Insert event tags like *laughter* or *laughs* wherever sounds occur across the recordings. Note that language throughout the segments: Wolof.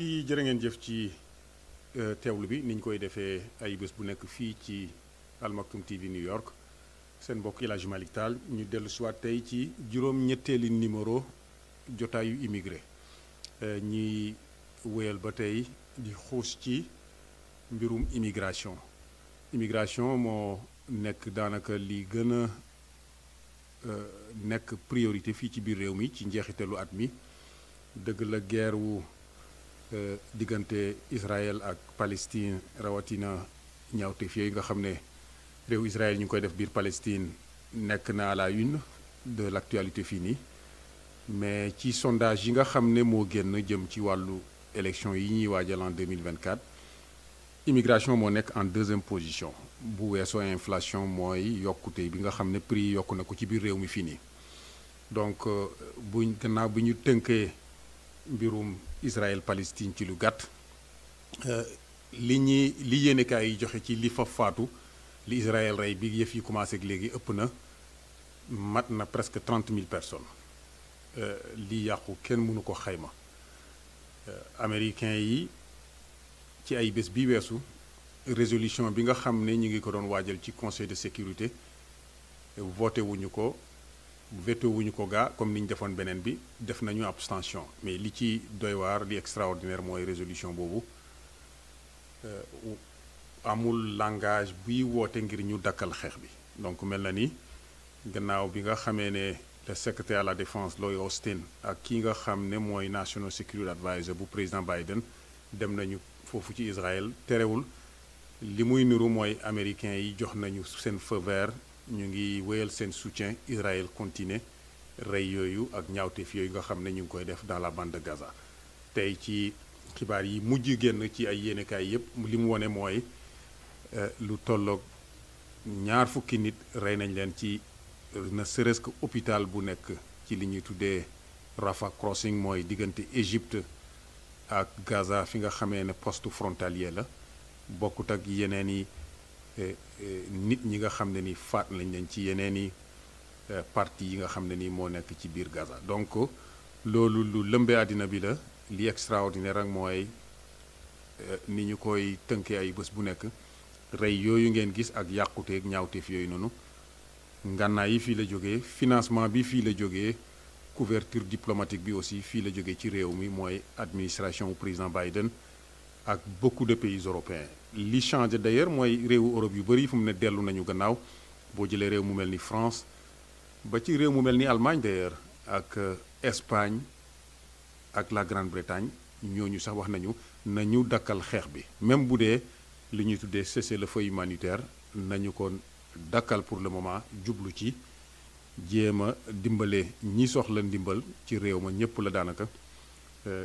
mbokk yi jërë ngeen jëf ci euh, teewlu bi niñ koy defee ay bés bu nekk fii ci almaktum TV New York seen mbokk El Hadj Malick ñu dellu siwaat tey ci juróom-ñetteeli numéro jotaayu immigré euh, ñuy wéyal ba tey di xuus ci mbirum immigration immigration moo nekk daanaka li gën a euh, nekk priorité fii ci biir réew mi ci njeexitalu at mi dëgg la guerre wu euh, diggante Israël ak Palestine rawatina ñawte fi nga xamné Israël ñu koy def biir Palestine Nek na la une de l'actualité fini, mais ci sondage yi nga xamné mo moo génn jëm ci walu élection yi ñi en 2024 immigration mo nek en deuxième position bu weesoo inflation mooy yokuté bi nga xamné prix yokku na ko ci biir réew mi fini donc euh, buñ gannaaw buñu Israël Palestine ci lu euh li ñi li yéenekaay yi joxe ci li fa li Israël ray bi yëf yi commencé ak légui ëpp na mat na presque trente mille personnes euh, li yàqu kenn mënu ko xayma euh, américain yi ci ay bës bi wessu résolution bi nga xamné ñi ngi ko don ci conseil de sécurité voté wuñu ko veto wuñu ko comme niñ defone benen bi def nañu abstention mais li ci doy waar li extraordinaire moy résolution euh amul langage oui ou ngir ñu dakkal xex bi donc mel na ni gannaaw bi nga xamé né le secrétaire à la défense Lloyd Austin ak ki nga xamné moy national security adviser bu président Biden dem nañu fofu ci Israël téréwul li muy niru moy américains yi jox nañu sen feu vert ñu ngi wéyal seen soutien Israël continue rey yooyu ak ñaawteef yooyu nga xam ne ñu ngi koy def dans la bande de Gaza tey ci xibaar yi mujj génn ci ay yéenekaay yépp li mu wone mooy euh, lu tolloog ñaar fukki nit rey nañ leen ci na serait-ce que bu nekk ci li ñuy tuddee Rafa crossing mooy diggante Égypte ak Gaza fi nga xamee ne poste frontalier la bokkut ak yeneen yi euh, Eh, nit ñi nga xam ne ni faat lañ leen ci yeneen i eh, parti yi nga xam ne nii moo nekk ci biir Gaza donc loolu lu lëmbee àddina bi la li extraordinaire ak mooy eh, ni ñu koy tënkee ay bés bu nekk rey yooyu ngeen gis ak yàquteeg ñaawteef yooyu noonu ngànnaay yi fii la jóge financement bi fii la jógee couverture diplomatique bi aussi fii la jógee ci réew mi mooy administration président Biden ak beaucoup de pays européens li changé d'ailleurs mooy réewu Europe yu bëri fu mu ne dellu nañu gannaaw boo jëlee réew mu mel France ba ci réew mu mel Allemagne d'ailleurs ak euh, Espagne ak la Grande-Bretagne ñooñu sax wax nañu nañu dakkal xeex bi même bu dee li ñuy tuddee cessez-le-feu humanitaire nañu ko dakkal pour le moment jublu ci jéem a dimbale ñi soxla ndimbal ci réew ma ñëpp la daanaka euh,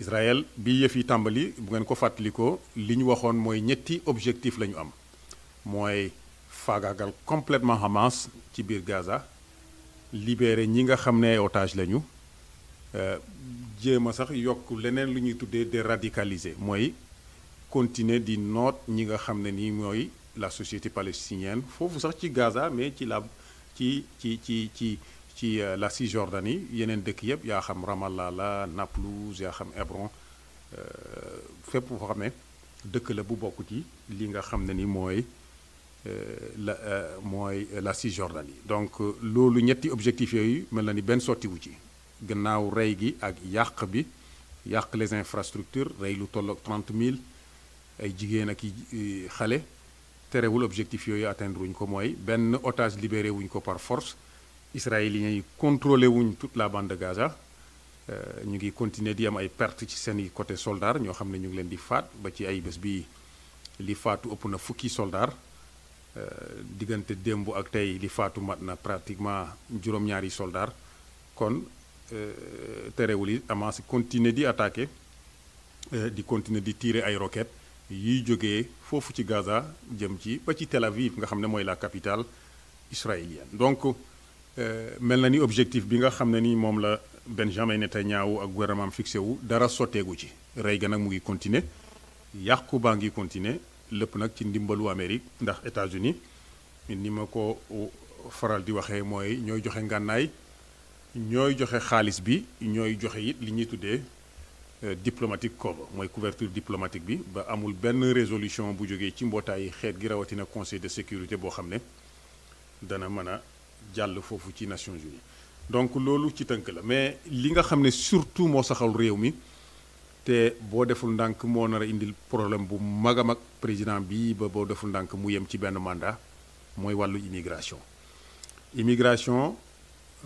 Israël bi yëf yi tàmbali bu ngeen ko fàttalikoo li ñu waxoon ñetti objectif lañu am mooy faagaagal complètement Hamas ci biir Gaza libérer ñi nga xam ne otage lañu euh, jéem a sax yokk leneen lu ñuy tuddee déradicaliser mooy continuer di noot ñi nga xam ne la société palestinienne foofu sax ci Gaza mais ci la ci ci ci ci ci euh, la Cisjordanie yeneen dëkk yëpp yaa xam Ramallah la Naplouse yaa xam Hébron euh, fépp foo xam ne dëkk la bu bokk ci li nga xam ne ni mooy euh, la mooy la Cisjordanie donc loolu ñetti objectif yooyu mel na ni benn sottiwu ci gannaaw rey gi ak yàq bi yàq les infrastructures rey lu tolloog 30 000 ay jigéen ak i xale terewul objectif yooyu atteindre wuñ ko mooy benn otage libéré wuñ ko par force israéliens yi contrôlé wuñ toute la band de Gaza euh, ñu ngi continuer di am ay perte ci seen i côté soldats ñoo xam ne ñu ngi leen di faat ba ci ay bés bi li faatu ëpp na fukki soldats euh, diggante démb ak tey li faatu mat na pratiquement juróom-ñaari soldats kon euh, terewul yi Hamas continuer di attaqué di continuer di tirer ay roquettes yiy jógee foofu ci Gaza jëm ci ba ci Tel Aviv nga xam ne mooy la capital israélienne Euh, mel na ni objectif bi nga xam ont ni la Benjamin Netanyahu ak gouvernement fixé wu dara sotteegu ci rey ga nag mu continuer yàqu baa continuer ci Amérique ndax États-Unis ni ma ko faral di waxee mooy ñooy joxe ngànnaay ñooy joxe xaalis bi ñooy joxe it li ñuy tuddee euh, diplomatique cover mooy couverture diplomatique bi ba amul benn résolution bu jógee ci conseil de sécurité boo xam dana mën jàll fofu ci Nations Unies donc lolu ci teunk la mais li nga xam ne surtout mo saxal réew mi te boo deful ndank mo nar indil problème bu mag président bi ba boo deful ndank mu yem ci ben mandat moy walu immigration immigration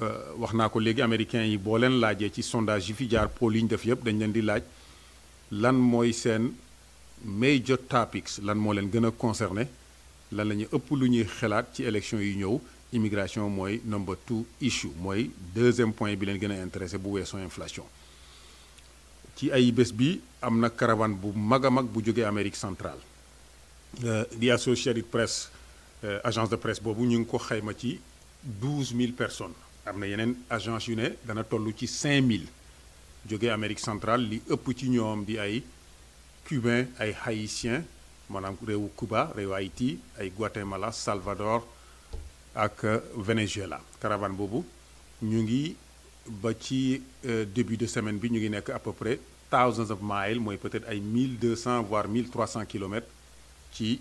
euh waxna ko légui américains yi boo leen laajee ci sondage yi fi jaar pool yi def yëpp dañ len di laaj lan moy sen major topics lan mo len gëna concerner lan lañu ñu ëpp lu ñuy ci élection yi ñëw immigration moy number two issue moy deuxième point bi len gëna intéressé bu weesoo inflation ci ay bës bi amna caravane bu mag mag bu jógee Amérique centrale di euh, Associated Press euh, agence de presse bobu ñu ko xeyma ci douze mille personnes amna yenen agence yu ne dana tollu ci cinq mille Amérique centrale li ëpp ci ñoom di ay cubain ay haïtiens manam réewu Cuba réewu Haïti ay Guatemala Salvador ak Venezuela caravane boobu ñu ngi ba ci euh, début de semaine bi ñu ngi nekk à peu près thousands of miles mooy peut-être ay 1200 voire 1300 kilomètres ci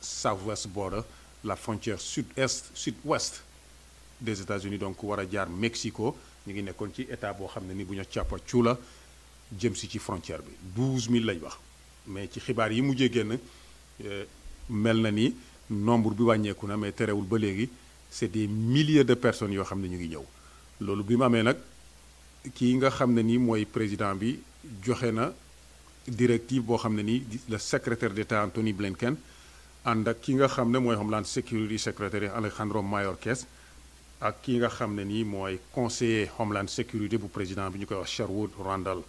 southwest border la frontière sud-est sud-ouest des États-Unis donc war a jaar Mexico ñu ngi nekkoon ci état boo xam ne ni bu ñu càppa cuula jëm si ci frontière bi 12000 lañ wax mais ci xibaar yi mu génn euh, mel na ni nombre bi wàññeeku na mais terewul ba léegi c'est des milliers de personnes yo xamné ñu ngi ñëw lolu bima amé nak ki nga xamné ni moy président bi joxé na directive bo xamné ni le secrétaire d'état Anthony Blinken and ak ki nga xamné moy Homeland Security secrétaire Alejandro Mayorkas ak ki nga xamné ni moy conseiller Homeland Security bu président bi ñu koy wax Sherwood Randall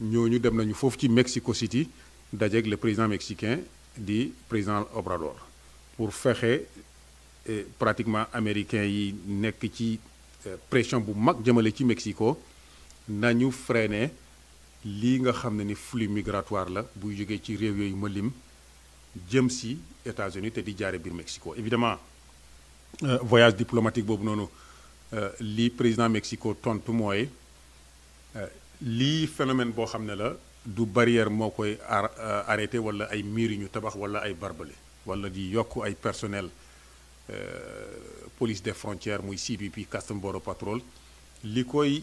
ñooñu dem nañu fofu ci Mexico City dajeeg le président mexicain di président Obrador pour fexé eh, pratiquement américain yi nek ci eh, pression bu mag jëmale ci Mexico nañu freiner li nga xamné ni flux migratoire la bu jógee ci réew yooyu malim jëm ci États-Unis té di jaré Mexico évidemment eh, voyage diplomatique bobu noonu li président Mexico tontu moy li phénomène bo xamné la du barrière mo koy arrêter wala ay mur ñu tabax wala ay barbelé wala di yokku ay personnel euh, police des frontières muy CBP Custom Border Patrol li koy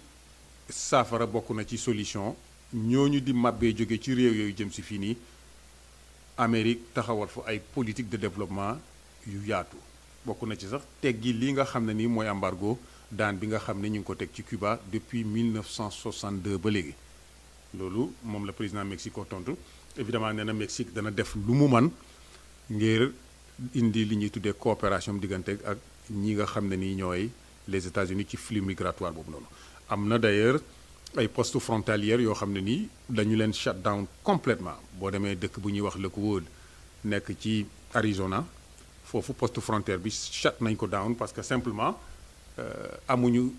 saafara bokk na ci solution ñooñu di mabbe jóge ci réew yooyu jëm ci Fini, Amérique taxawal fu ay politique de développement yu yaatu bokk na ci sax teggi li nga xamné ni moy embargo daan bi nga xamné ñu ko teg ci Cuba depuis 1962 ba légui lolu mom le président Mexico tontu évidemment nee na Mexique dana def lu mu man ngir indi li ñuy tuddee coopération diggante ak ñi nga xam ne nii ñooy les États-Unis ci flux migratoire boobu noonu. am na d'ailleurs ay postes frontalières yoo xam ne nii dañu leen shut down complètement boo demee dëkk bu ñuy wax Lakewood nekk ci Arizona foofu poste frontière bi shut nañ ko down parce que simplement euh, amuñu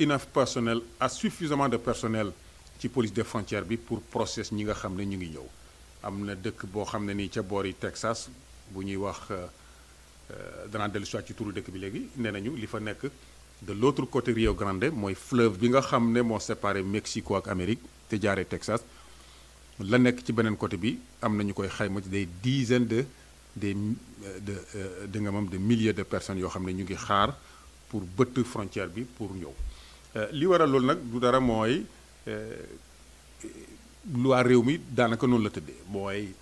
enough personnel à suffisamment de personnel ci police des frontières bi pour process ñi nga xam ne ñu ngi ñëw am na dëkk boo xam ne nii ca boori Texas bu ñuy wax euh, euh, danaa dellu soit ci turu dëkk bi léegi nee nañu li fa nekk de l' autre côté Rio Grande mooy fleuve bi nga xam ne moo séparé Mexico ak Amérique te jaaree Texas la nekk ci beneen côté bi am nañu koy xayma ci des dizaines de des euh, de de nga de milliers de personnes yoo xam ne ñu ngi xaar pour bëtt frontière bi pour ñëw li waral loolu nag du dara mooy loi réew mi daanaka noonu la tëddee mooy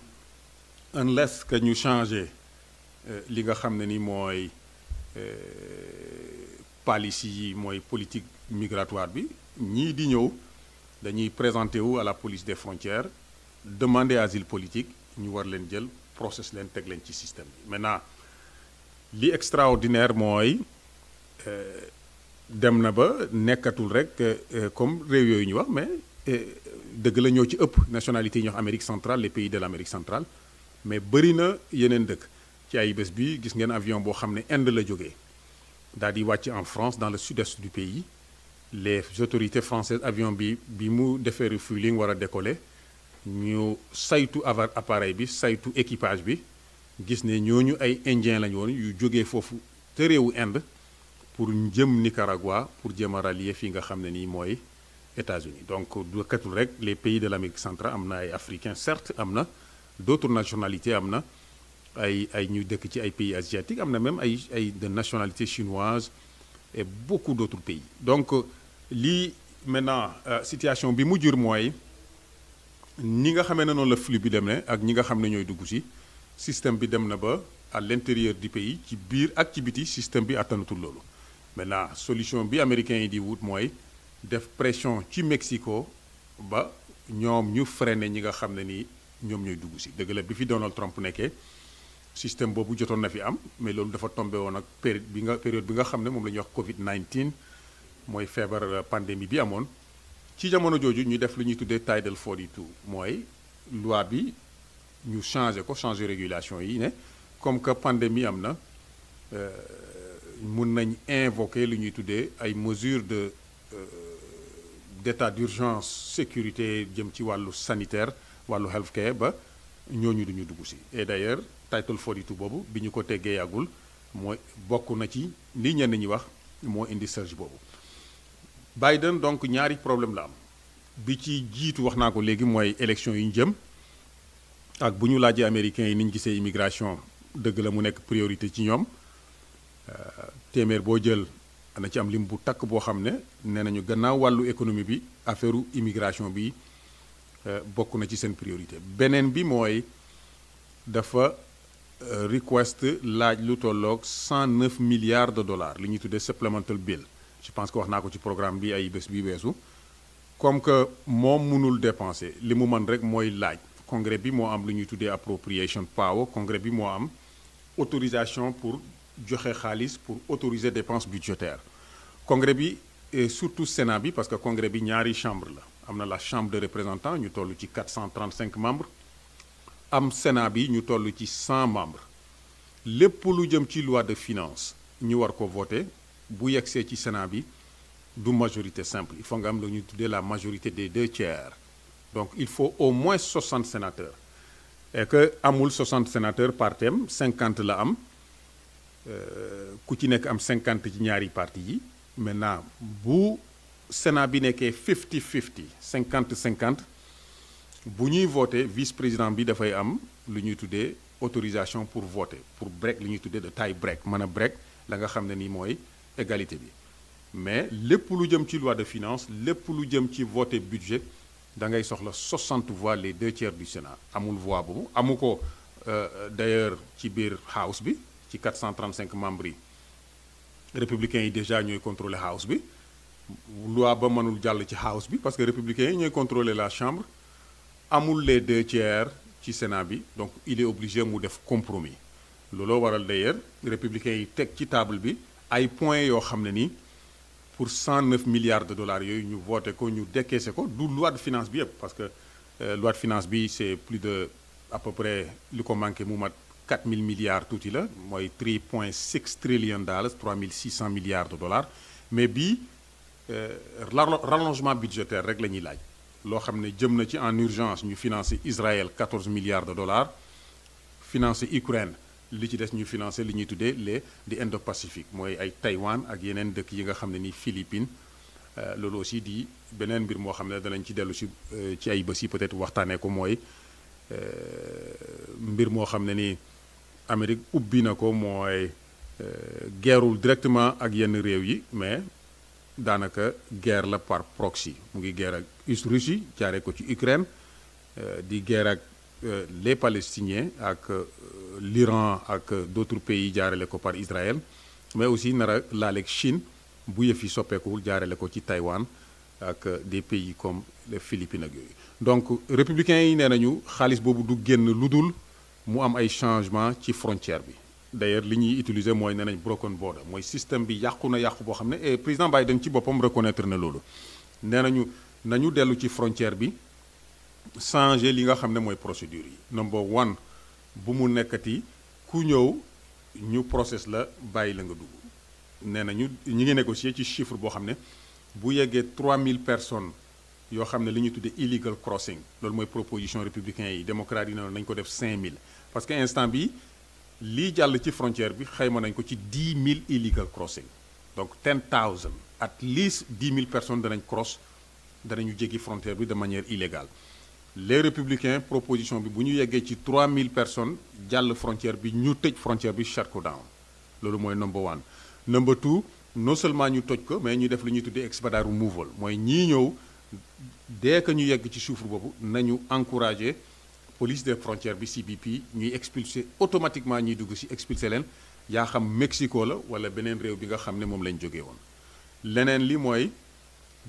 unless que nous changer euh, li nga xamné ne ni euh policy politique migratoire bi ñi di présenter à la police des frontières demander asile politique ñu war leen jël process leen teg leen ci système maintenant li extraordinaire euh dem na ba nous rek euh, comme rew yooyu ñu wax mais deug la ñoo ci nationalité Amérique centrale les pays de l'Amérique centrale mais bari na yeneen dëkk ci ay bés bi gis ngeen avion boo xam ne Inde la jógee daal di wàcc en France dans le sud-est du pays les autorités françaises avion bi bi mu defee refueling war a décoller ñu saytu avar appareil bi saytu équipage bi gis ne ñooñu ay indien lañ woon yu jógee foofu te réewu Inde pour jëm Nicaragua pour jëm a rallier fii nga xam ne nii mooy États-Unis donc du katul rek les pays de l'Amérique centrale am na ay africains certes am na d'autres nationalités amna ay ay ñu dëkk ci ay pays asiatiques amna même ay ay de nationalité chinoise et beaucoup d'autres pays donc euh, li maintenant euh, situation bi mu jur moy ni nga xamee non la flux bi dem ne ak ñi nga xamné ñoy dugg ci système bi dem na ba à l'intérieur du pays ci biir ak ci biti système bi attanatul lolu maintenant solution bi américain yi di wut mooy def pression ci Mexico ba ñom ñu freiner ñi nga xamné ni ñoom ñooy dugg si dëgg la bi fi Donald Trump nekkee système boobu jotoon na fi am mais loolu dafa tombé woon ak période bi nga période bi nga xam ne moom la ñuy wax Covid 19 mooy feebar euh, pandémie bi amoon ci jamono jooju ñu def lu ñuy tuddee Title 42 mooy loi bi ñu changé ko changé régulation yi ne comme que pandémie am na euh, mun nañ invoquer lu ñuy tuddee ay mesures de euh, d'état d'urgence sécurité jëm ci wàllu sanitaire wàllu care ba ñooñu duñu dugg si et d' title 42 boobu bi ñu ko teggee yàggul mooy bokk na ci li ñenn ñi wax moo indi search boobu Biden donc ñaari problème la am bi ci jiitu wax naa ko léegi mooy élection yi ñu jëm ak bu ñu laajee yi ni ñu immigration dëgg la mu nekk priorité ci ñoom euh, téeméer boo jël hamne ci am lim bu takk boo xam ne nañu gannaaw wàllu économie bi affaireu immigration bi euh, bokk na ci seen priorité beneen bi mooy dafa euh, request laaj lu tolloog 109 milliards de dollars li ñuy tuddee supplemental bill je pense que wax naa ko ci programme bi ay bés bi weesu comme que moom mënul dépenser li mu man rek mooy laaj congrès bi moo am lu ñuy tuddee appropriation power congrès bi moo am autorisation pour joxe xaalis pour autoriser dépense budgétaire congrès bi et surtout sénat bi parce que congrès bi ñaari chambre la am na la chambre des représentants nous avons 435 membres am sénat bi ñu 100 membres Pour lu jëm loi de finances, nous avons ko voté bu yegsee ci sénat bi du majorité simple il faut que nous la la majorité des deux tiers donc il faut au moins 60 sénateurs et que amul 60 sénateurs par thème 50 la am euh, ku 50 ci ñaari parti maintenant bu Sénat bi 50-50, 50-50. cinquante bu ñuy vice président bi fay am lu ñuy autorisation pour voter pour break li ñuy de tie break mën break la nga xamné ni moy égalité bi mais lepp lu jëm ci loi de finances lepp lu jëm ci voter budget da ngay soxla 60 voix les deux tiers du Sénat amul voix bu amuko euh, d'ailleurs ci bir house bi ci 435 membres républicains yi déjà ñoy le house bi loi ba mënul jall ci house bi parce que républicains yi contrôler la chambre amul les deux tiers ci sénat bi donc il est obligé mu def compromis lolo waral d'ailleurs républicains yi tek ci table bi ay points yo xamné ni pour 109 milliards de dollars yoy ñu voté ko ñu décaissé ko du loi de finance bi parce que euh, loi de finance bi c'est plus de à peu près li ko manqué mu mat 4000 milliards tuuti la mooy 3.6 trillion dollars 3600 milliards de dollars mais bi, euh, rallongement budgétaire rek la ñuy laaj loo xam ne jëm na ci en urgence ñu financer Israël 14 milliards de dollars financer Ukraine li ci des ñu financer li ñuy tuddee les di Indo-Pacifique mooy ay Taïwan ak yeneen dëkk yi nga xam ne ni Philippines euh, loolu aussi di beneen mbir moo xam ne danañ ci dellu si euh, ci ay bés yi peut-être waxtaanee ko mooy mbir moo xam ne ni Amérique ubbi na ko mooy guerrewul directement ak yenn réew yi mais la guerre la par proxy mu ngi guerre ak Russie jaaree ko ci Ukraine euh, di guerre ak euh, les Palestiniens avec euh, l'Iran ak d'autres pays jaarale ko par Israël mais aussi avec la Chine bu yëf yi soppeekuwul jaarale ko ci Taïwan ak des pays comme les Philippines Donc, les donc républicains yi nee nañu bobu du génn l'udul, dul mu am ay changement ci frontière d'ailleurs li ñuy utiliser mooy nee broken border mooy système bi yàqu na yàqu boo et eh, président Biden ci boppam reconnaître na loolu nee nañu nañu dellu ci frontière bi Sangé li nga xam ne procédure number one bu mu nekkati ku ñu process la bàyyi la nga dugg nee nañu négocié ngi chiffre bo xam ne bu yeggee 3000 personnes yo xam ne li ñuy illegal crossing loolu moy proposition républicain yi démocrate yi nañ ko def 5000 parce que instant bi li jall ci frontière bi xayma nañ ko ci 10 000 illegal crossing donc 10 000 at least 10 000 personnes danañ cross danañu jéggi frontière bi de manière illégale les républicains proposition bi bu ñu ci 3 000 personnes jall frontière bi ñu tej frontière bi shut down lolu moy number one. number two non seulement ñu toj ko mais ñu def lu ñu tuddee expedite removal moy ñi dès que ñu yegg ci chiffre nous nañu encouragé police des frontières bi CBP ñuy expulser automatiquement ñuy dugg ci expulser leen yaa xam Mexico la walla beneen réew bi nga xam ne moom lañ jógee woon leneen li mooy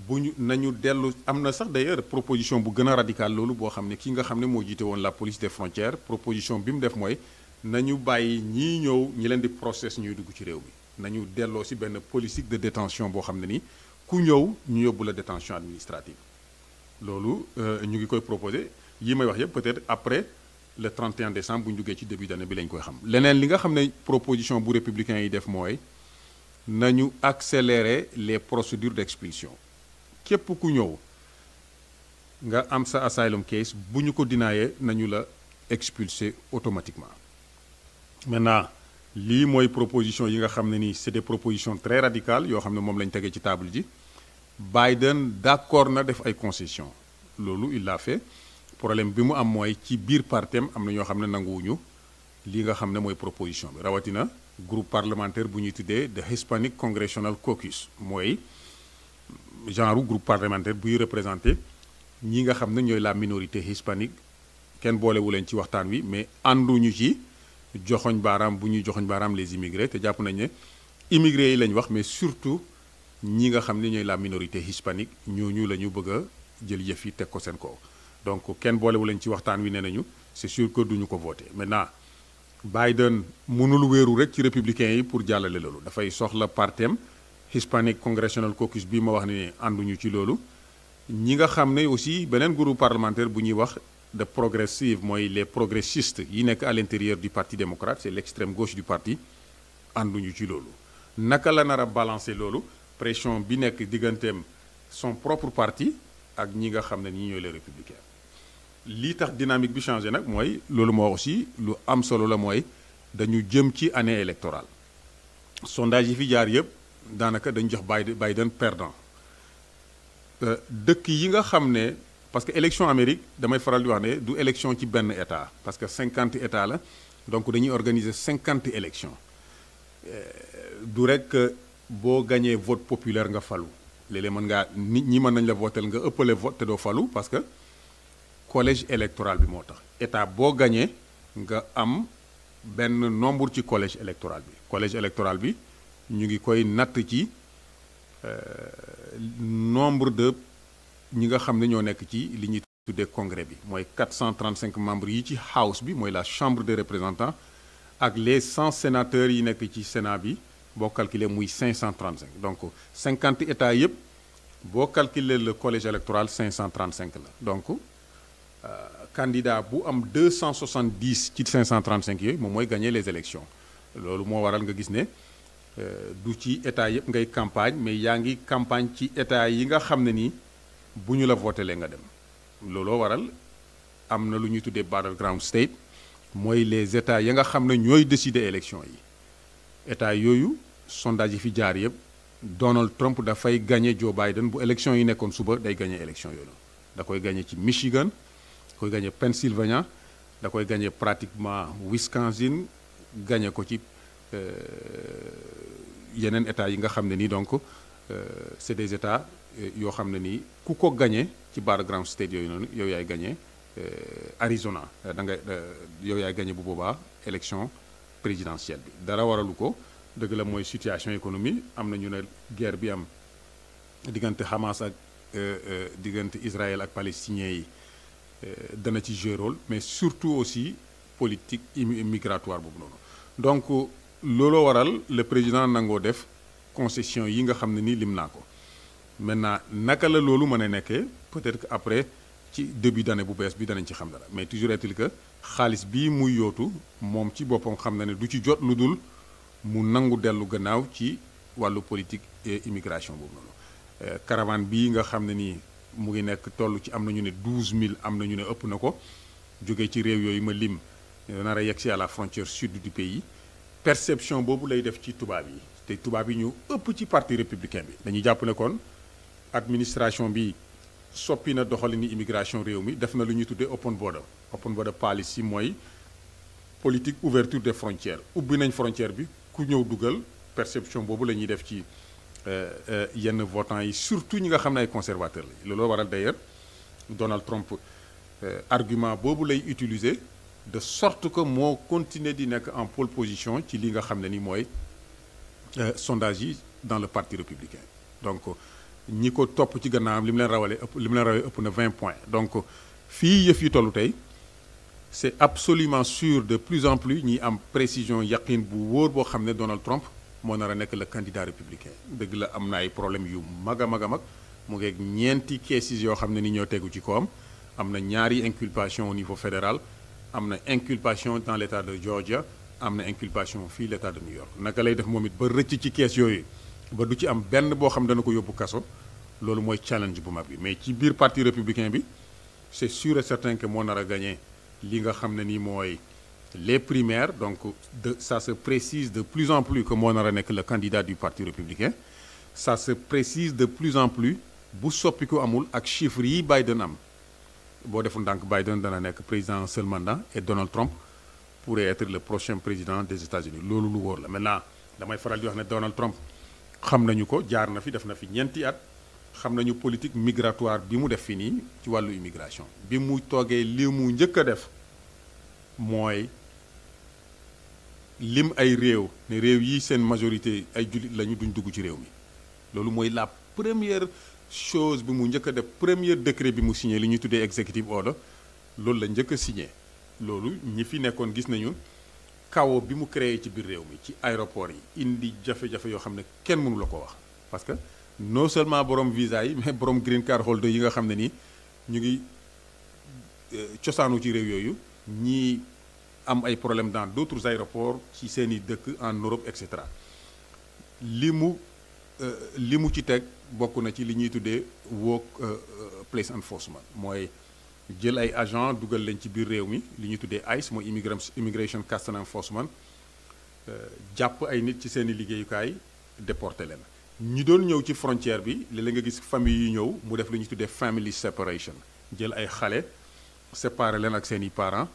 bu ñu nañu dellu am na sax d'ailleurs proposition bu gën a radicale loolu boo xam ne ki nga xam ne moo jiite woon la police des frontières proposition bi mu def mooy nañu bàyyi ñii ñëw ñi leen di process ñuy dugg ci réew bi nañu delloo ci benn politique de détention boo xam ne ni ku ñëw ñu yóbbu la détention administrative loolu euh, ñu ngi koy proposé yi may wax peut-être après le 31 décembre bu ñu duggee ci début d'année bi lañ koy xam leneen li nga xam ne proposition bu républicain yi def nañu accélérer les procédures d'expulsion képp ku ñëw nga am sa asylum case bu ñu ko dinaayee nañu la expulser automatiquement maintenant lii mooy proposition yi nga xam ne c'est des propositions très radicales yoo xam ne moom lañ tegee ci table Biden d'accord na def ay concession loolu il l'a fait problème bi mu am mooy ci biir partem am na ñoo xam ne nanguwuñu li nga xam ne proposition bi rawatina groupe parlementaire bu ñuy tuddee the Hispanic Congressional Caucus mooy genre groupe parlementaire buy représenté ñi nga xam ne la minorité hispanique kenn boolewu leen ci waxtaan wi mais ànduñu ci joxoñ baaraam bu ñuy joxoñ baaraam les immigrés te jàpp nañ ne immigrés yi lañ wax mais surtout ñi nga xam ne ñooy la minorité hispanique ñooñu la ñu bëgg a jël yëf yi teg ko seen kaw donc kenn boolewu leen ci waxtaan wi nee nañu c'est sûr que duñu ko voté maintenant Biden mënul wéeru rek ci républicain yi pour jàllale loolu dafay soxla partem hispanique Congressional Caucus bi ma wax ne anduñu ci loolu ñi nga xam ne aussi beneen groupe parlementaire bu ñuy wax de progressive mooy les progressistes yi nekk à l'intérieur du parti démocrate c'est l'extrême gauche du parti anduñu ci loolu naka la nar a balancer loolu pression bi nek son propre parti ak ñi nga xamné ñi les républicains li tax dynamique bi changé nak que nous mo aussi lu am solo la moy dañu jëm année électorale sondage yi fi jaar yëpp le dañu jox Biden Biden perdant euh, dëkk yi nga xam parce que élection Amérique damay faral di wax ne du élection ci benn état parce que 50 états, la donc dañuy organiser 50 élections euh, du rek gagner le vote populaire nga faut... le le mën nit ñi mën nañ la voter nga vote populaire, parce que collège électoral bi motax Et état gagner, il nga am nombre ci collège électoral bi collège électoral bi ñu ngi koy nat ci euh, nombre de ñi nga xam ñoo nekk ci li de Il congrès bi moy 435 membres yi ci house bi la chambre des représentants ak les 100 sénateurs yi nekk ci sénat bi pour calculer 535 donc 50 états yëpp bo calculer le collège électoral 535 donc euh, candidat bu am 270 ci 535 yoy moom gagner les élections loolu mo waral nga gis euh du ci état ngay campagne mais yaangi campagne ci état yi nga xamné ne buñu bu voter la nga dem que waral am lu ñuy battleground state les états yi nga xamné ñoy décider élection yi état yoyu sondage yi fi jaar yeb Donald Trump da fay gagner Joe Biden bu élection yi nekkoon suba day gagner élection yoyu da koy gagné ci Michigan da koy gagné Pennsylvania da koy gagné pratiquement Wisconsin gagner ko ci euh, yeneen état yi nga xam ne nii donc euh, c'est des états euh, yoo xam ne nii ku ko gagné ci battleground state yooyu noonu yow yaay gagné Arizona da ngay yow yaay gagné bu boobaa élection présidentielle bi dara waralu ko dëgg la moy situation économique amna ñu ne guerre bi am diggante Hamas ak euh, euh, diggante Israël ak palestiniens yi euh, dana ci jouer rôle mais surtout aussi politique migratoire bobu noonu donc lolo waral le président nango def concession yi nga xam ne ni lim ko maintenant naka la lolu mën a peut-être que après ci début d'année bu bees bi dañ ci xam dara mais toujours est-il que xaalis bii muy yootu moom ci boppam xam na ne du ci jot lu dul mu nangu dellu gannaaw ci wàllu politique et immigration boobu noonu euh, caravane bii nga xam ne nii mu ngi nekk toll ci am na ñu ne 12000 am na ñu ne ëpp na ko ci réew yooyu ma lim nar a à la frontière sud du pays perception boobu lay def ci tubaab yi te tubaab yi ñu ëpp ci parti républicain bi dañuy jàpp ne kon administration bi soppi na doxalini immigration réew mi def na lu ñuy open border open border policy mooy politique ouverture des frontières ubbi nañ frontière bi ku ñëw dugal perception boobu la ñuy def ci euh, euh, yenn votants yi surtout ñi nga xam ne ay conservateurs lañ looloo waral d'ailleurs Donald Trump euh, argument boobu lay utiliser de sorte que moo continuer di nekk en pole position ci li nga xam ne ni mooy sondage yi dans le parti républicain donc ñi ko topp ci gannaawam li mu leen ëpp li leen rawee ëpp na 20 points donc fii yëf yi tollu tey c'est absolument sûr de plus en plus ñi am précision yaqin bu wóor boo xam ne Donald Trump moo nar a nekk le candidat républicain dëgg la am na ay problème yu mag a mag a mag mu ngeeg ñeenti cases yoo xam ne ni ñoo tegu ci kawam am na ñaari inculpation au niveau fédéral am na inculpation dans l'état de Georgia am na inculpation fii l'état de New York naka lay def moom it ba rëcc ci kees yooyu ba du ci am benn boo xam dana ko yóbbu kaso loolu mooy challenge bu mag bi mais ci biir parti républicain bi c'est sûr et certain que moo nar a gagné li nga xam ne les primaires donc ça se précise de plus en plus que moo nar a le candidat du parti républicain ça se précise de plus en plus bu soppiku amul ak chiffres yi Biden am boo deful ndànk Biden dana nekk président seul mandat et Donald Trump pourrait être le prochain président des États-Unis loolu lu wóor la maintenant damay faral di wax ne Donald Trump xam nañu ko jaar na fi def na fi ñeenti at xam nañu politique migratoire bi mu def fi nii ci wàllu immigration bi mu toogee li mu njëkk a def mooy lim ay réew ne réew yi seen majorité ay jullit lañu duñ dugg ci réew mi loolu mooy la première chose bi mu njëkk def premier décret bi mu signé li ñuy tuddee executive order loolu la njëkk a signé loolu ñi fi nekkoon gis nañu kawo bi mu créé ci biir réew mi ci aéroport yi indi jafe-jafe yoo xam ne kenn mënu la ko wax parce que non seulement borom visa yi mais borom green card holder yi nga xam ne ni ñu ngi euh, cosaanu ci réew yooyu ñii am ay problème dans d' autres aéroports ci seeni dëkk en Europe et cetera li mu euh, li mu ci teg bokk na ci li ñuy tuddee work euh, place enforcement mooy. jël ay agents dugal leen ci biir réew mi li ñu tuddee ICE mooy Immigration Customs Enforcement euh, jàpp ay nit ci seen i liggéeyukaay déporté leen ñi doon ñëw ci frontière bi li la nga gis famille yu ñëw mu def lu ñu tuddee family separation jël ay xale séparé leen ak seen i parents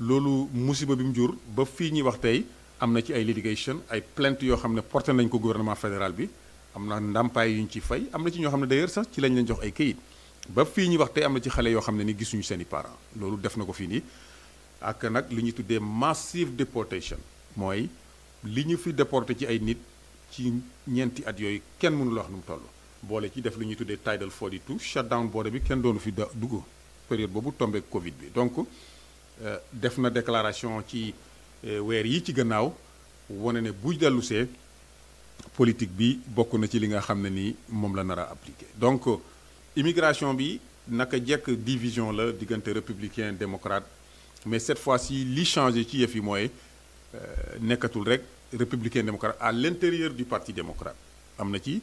loolu musiba bi mu jur ba fii ñuy wax tey am na ci ay litigation ay plainte yoo xam ne porté nañ ko gouvernement fédéral bi am na ndàmpaay yu ci fay am na ci ñoo xam ne d'ailleurs sax ci lañ leen jox ay kayit ba fii ñuy wax tey am na ci xale yoo xam ne ni gisuñu seen i parents loolu def na ko fii nii ak nag li ñu tuddee massive deportation mooy li ñu fi déporté ci ay nit ci ñeenti at yooyu kenn mënul wax nu mu toll. boole ci def li ñuy tuddee tidal 42 shutdown border bi kenn doonu fi da dugg période boobu tombé Covid bi donc euh, def na déclaration ci euh, weer yi ci gannaaw wane ne buy dellusee politique bi bokk na ci li nga xam ne ni moom la nar a appliqué donc immigration bi naka jek division la diggante républicain démocrate mais cette fois-ci li changé ci yefi moy mooy euh, rek républicain démocrate à l'intérieur du parti démocrate amna ci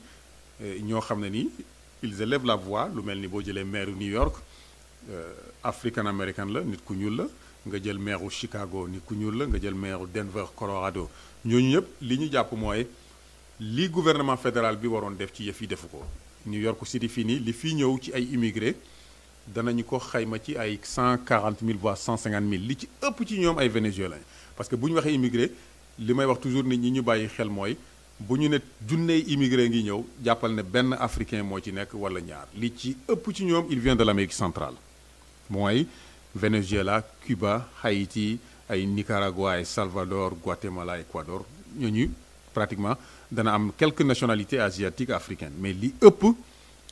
euh, ño xamné ni ils élèvent la voix lu melni ni boo maire New York euh, african american la nit ku ñuul la nga jël maire Chicago nit ku ñuul la nga jël maire Denver Colorado ñooñu ñep li ñu jàpp li gouvernement fédéral bi waron def ci yefi defuko New York City fini les li qui ñëw ci ay immigré danañu ko xayma ci ay 140 000 voire 150 000 li ci ëpp ci ñoom ay vénézuéliens parce que bu ñu waxee immigré li may wax toujours nit ñi ñu bàyyi xel mooy bu ne junney immigré ngi ñëw jàppal ne benn africain moo ci nekk wala ñaar li ci ëpp ci ñoom il vient de l'Amérique centrale mooy Venezuela Cuba Haïti ay Nicaragua ay Salvador Guatemala Ecuador ñooñu pratiquement dana am quelques nationalités asiatiques africaines mais li ëpp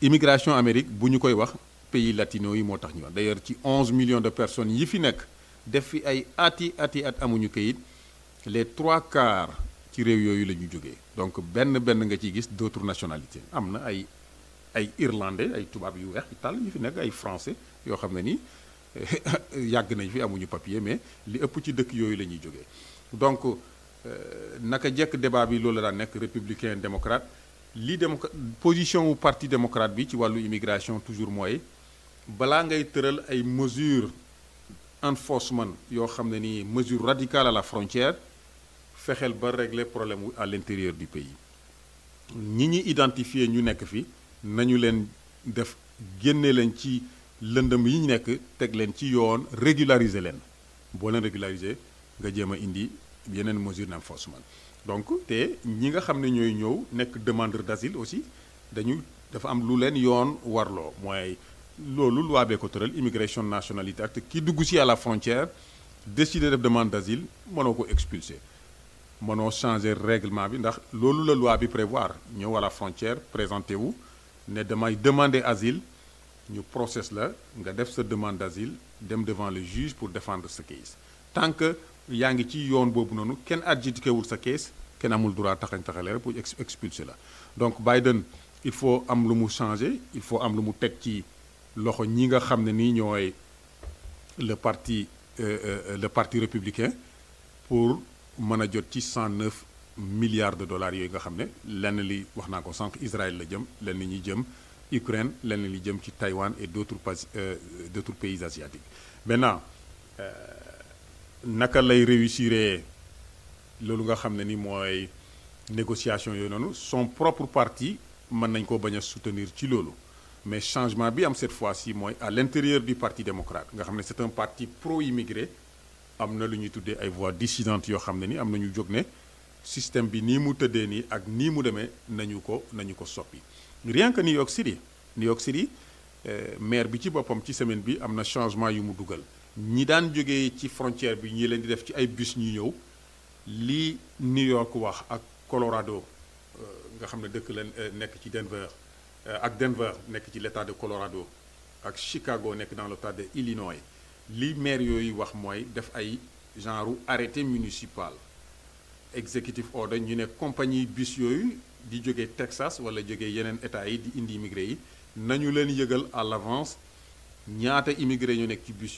immigration Amérique bu ñu koy wax pays latino yi moo tax ñu wax d'ailleurs ci 11 millions de personnes yi fi nekk def fi ay ati ati at amuñu kayit les trois quarts ci réew yooyu la ñu jógee donc benn benn nga ciy gis d'autres nationalités am na ay ay irlandais ay tubaab yu weex tal yu fi nekk ay français yoo xam ne ni *laughs* yàgg nañ fi amuñu papier mais li ëpp ci dëkk yooyu la ñuy jógee donc. Euh, naka jekk débat bi loolu daan nekk républicain démocrate li position wu parti démocrate bi ci wàllu immigration toujours mooy balaa ngay tëral ay mesures enforcement yoo xam ne ni mesure radicale à la frontière fexel ba régler problème wu à l'intérieur du pays ñi ñi identifier ñu nekk fi nañu leen def génne leen ci lëndëm yi ñu nekk teg leen ci yoon régulariser leen boo leen régulariser nga jéem a indi yeneen mesure d' enforcement donc te ñi nga xam ne aussi dañu dafa am lu leen yoon warloo mooy loi bee immigration nationalité acte à la frontière décider def demande asile changer règlement bi ndax la loi bi prévoir à la frontière Présentez-vous. ne asile ñu process la nga def demande d'asile. dem devant le juge pour défendre ce case tant que yaa ngi ci yoon boobu noonu kenn wul sa caisse ken amul droit taxañ taxale rek pour expulser la donc Biden il faut am lu mu changer il faut am lu mu teg ci loxo ñi nga xamné ni ñoy le parti euh, euh, le parti républicain pour mën jot ci 109 milliards de dollars yoy nga xamné ne lenn li wax ko Israël la jëm lenn ñi jëm Ukraine lenn li jëm ci Taïwan et d'autres euh, d'autres pays asiatiques maintenant naka lay réussir loolu nga xamné ni moy négociation son propre parti mën nañ ko baña soutenir ci loolu mais changement bi am cette fois-ci moy à l'intérieur du parti démocrate nga xamné c'est un parti pro-immigré amna na lu ñuy tuddee ay voix dissidentes yo xamné ni amna ñu jogné système bi ni mu tëddee ni ak ni mu démé nañu ko nañu ko soppi rien que New York City New York City euh, maire bi ci boppam ci semaine bi amna changement yu mu dugal ñi daan ci frontière bi ñi leen bus New York wax Colorado nga Denver ak Denver l'état de Colorado ak Chicago dans l'état de Illinois li maire wax def ay genre arrêté municipal executive order ñu compagnie bus di Texas wala dans état yi di indi immigré yi à l'avance ñaata immigré ñu bus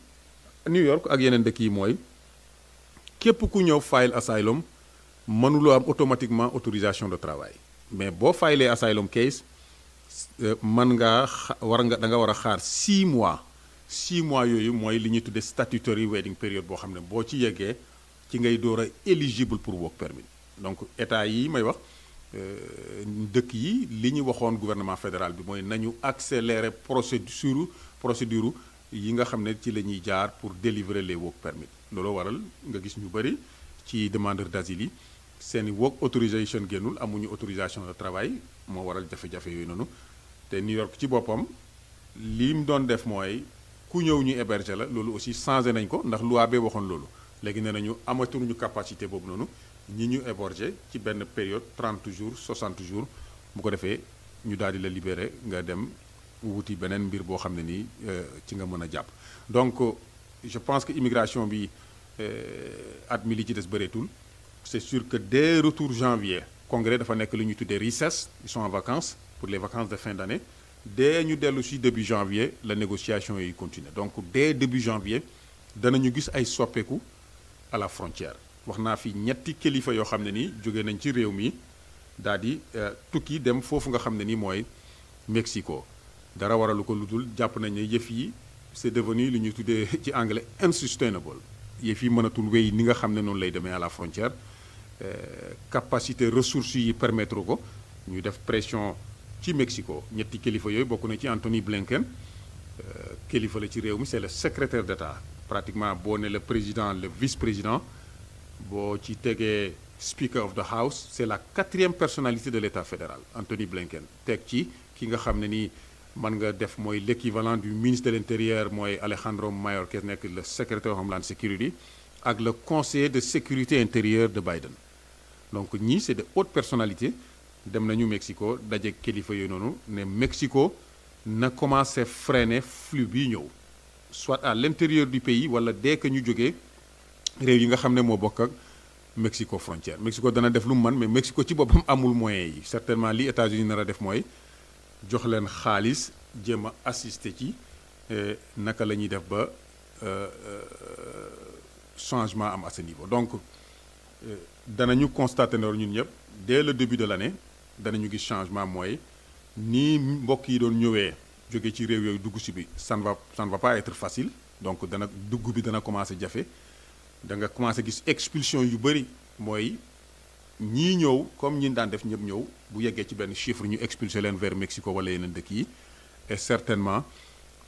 New York ak yeneen dëkk yi mooy képp ku ñëw file asylum mënuloo am automatiquement autorisation de travail mais boo filee asylum case euh, man nga war nga da nga war a xaar 6 mois 6 mois yooyu mooy li ñuy statutory waiting période boo xam ne boo ci yeggee ci ngay door a éligible pour work permit donc état yi may wax euh, dëkk yi li ñu waxoon gouvernement fédéral bi mooy nañu accélérer procédure procédure yi nga xam ne ci la ñuy jaar pour délivrer les work permit looloo waral nga gis ñu bëri ci demandeur d'asile yi seeni work autorisation génnul amuñu autorisation de travail moo waral jafe-jafe yooyu noonu te New York ci boppam lim doon def mooy ku ñëw ñu héberger la loolu aussi changé nañ ko ndax loi bee waxoon loolu léegi nee nañu amatuñu capacité boobu noonu ñi ñu héberger ci benn période 30 jours 60 jours bu ko defee ñu daal di la libérer nga dem wuti benen mbir bo xamné ni euh, ci nga mëna japp donc je pense que immigration bi euh, at mi ci des bëreetul c' C'est sûr que dès retour janvier congrès dafa nekk lu ñuy tuddee recess ils sont en vacances pour les vacances de fin d'année dès ñu dellu ci début janvier la négociation yi continue donc dès début janvier danañu gis ay soppeku à la frontière waxna fi ñetti kilifa yo xamné ni nii nañ ci réew mi daal di euh, tukki dem fofu nga xamné ni moy Mexico dara waralu ko lu japp jàpp nañ ne yëf yi c'est devenu lu ñuy tuddee ci anglais insustainable yëf yi mënatul wéy ni nga xam ne noonu lay demee à la frontière euh, capacité ressources yi permettre ko ñu def pression ci Mexico ñetti kilifa yooyu bokk na ci Anthony Blinken euh, kilifa la ci réew mi c'est le secrétaire d'État pratiquement boo ne le président le vice-président boo ci tegee Speaker of the House c'est la quatrième personnalité de l'État fédéral Anthony Blinken teg ci ki nga xam ne nii man nga def mooy du ministre de l'Intérieur, Alejandro Mayor, qui est le secrétaire homeland security avec le conseiller de sécurité intérieure de Biden donc ñii c' est de hautes personnalités dem nañu Mexico daje kilifa yooyu noonu ne Mexico na commencé freiner flux bi soit à l'intérieur du pays wala dès que ñu jógee réew yi nga xam ne moo bokk ak Mexico frontière Mexico dana def lu mu man mais Mexico ci boppam amul moyens certainement li États-Unis nar a def mooy jox leen xaalis jéem a assister ci eh, naka la ñuy def ba eh, eh, changement am à ce niveau donc danañu constater ne ñun ñëpp dès le début de l' année danañu gis changement mooy ni mbokk yi doon ñëwee jóge ci réew yooyu dugg si bi ça ne va ça ne va pas être facile donc dana dugg bi dana commencé jafe da nga commencé gis expulsion yu bëri mooy ñii ñëw comme ñi daan def ñëpp ñëw bu yeggee ci benn chiffre ñu expulser leen vers Mexico wala yeneen dëkk yi et certainement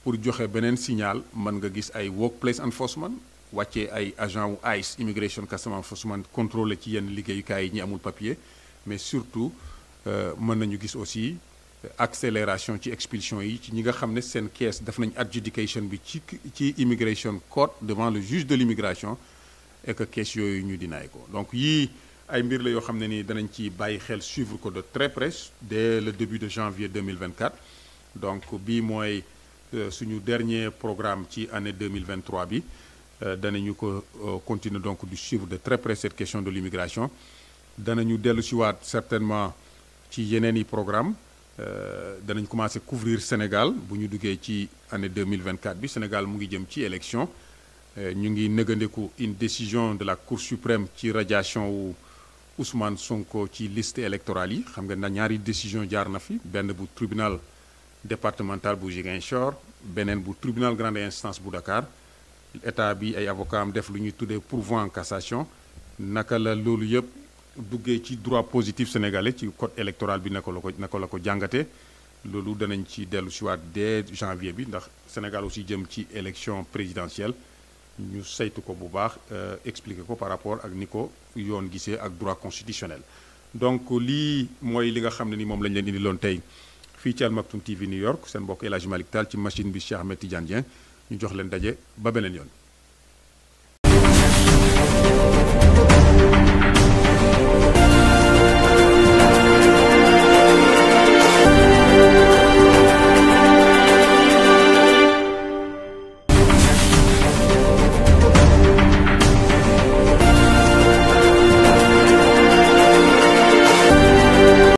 pour joxe beneen signal mën nga gis ay workplace enforcement wàccee ay agent wu ICE immigration customs enforcement contrôlé ci yenn liggéeyukaay yi ñi amul papier mais surtout euh, mën nañu gis aussi euh, accélération ci expulsion yi ci ñi nga xam ne seen caisse def nañ adjudication bi ci ci immigration court devant le juge de l'immigration et que caisse yooyu ñu dinaay ko donc yii ay mbir la yoo xam ni danañ ci bàyyi xel suivre de très près dès le début de janvier 2024 donc bii mooy euh, suñu dernier programme ci année 2023 bi euh, danañu ko euh, continuer donc de suivre de très près cette question de l'immigration danañu dellu siwaat certainement ci yeneen i programme danañ commencer couvrir Sénégal bu ñu duggee ci année 2024 bi Sénégal mu ngi jëm ci élection ñu ngi nëgandeku une décision de la Cour suprême ci radiation ou... Ousmane Sonko ci liste électorale yi xam nga na ñaari décision jaar na fi benn bu tribunal départemental bu Ziguinchor benen bu tribunal grande instance bu Dakar état bi ay avocat am def lu ñuy tuddee pourvoi en cassation naka la loolu yëpp ci droit positif sénégalais ci code électoral bi naka la ko naka la ko jàngatee danañ ci dellu siwaat dès janvier bi ndax Sénégal aussi jëm ci élection présidentielle ñu saytu ko bu baax euh, expliquer ko par rapport ak ni ko Guissé gisee ak droit constitutionnel donc lii mooy li nga xam ne ni moom lañ leen indi loon tey fii ci Al Maktoum TV New York seen mbokk El Hadj Malick Tall ci machine bi Cheikh Ahmed Tidiane Dieng ñu jox leen daje ba beneen yoon.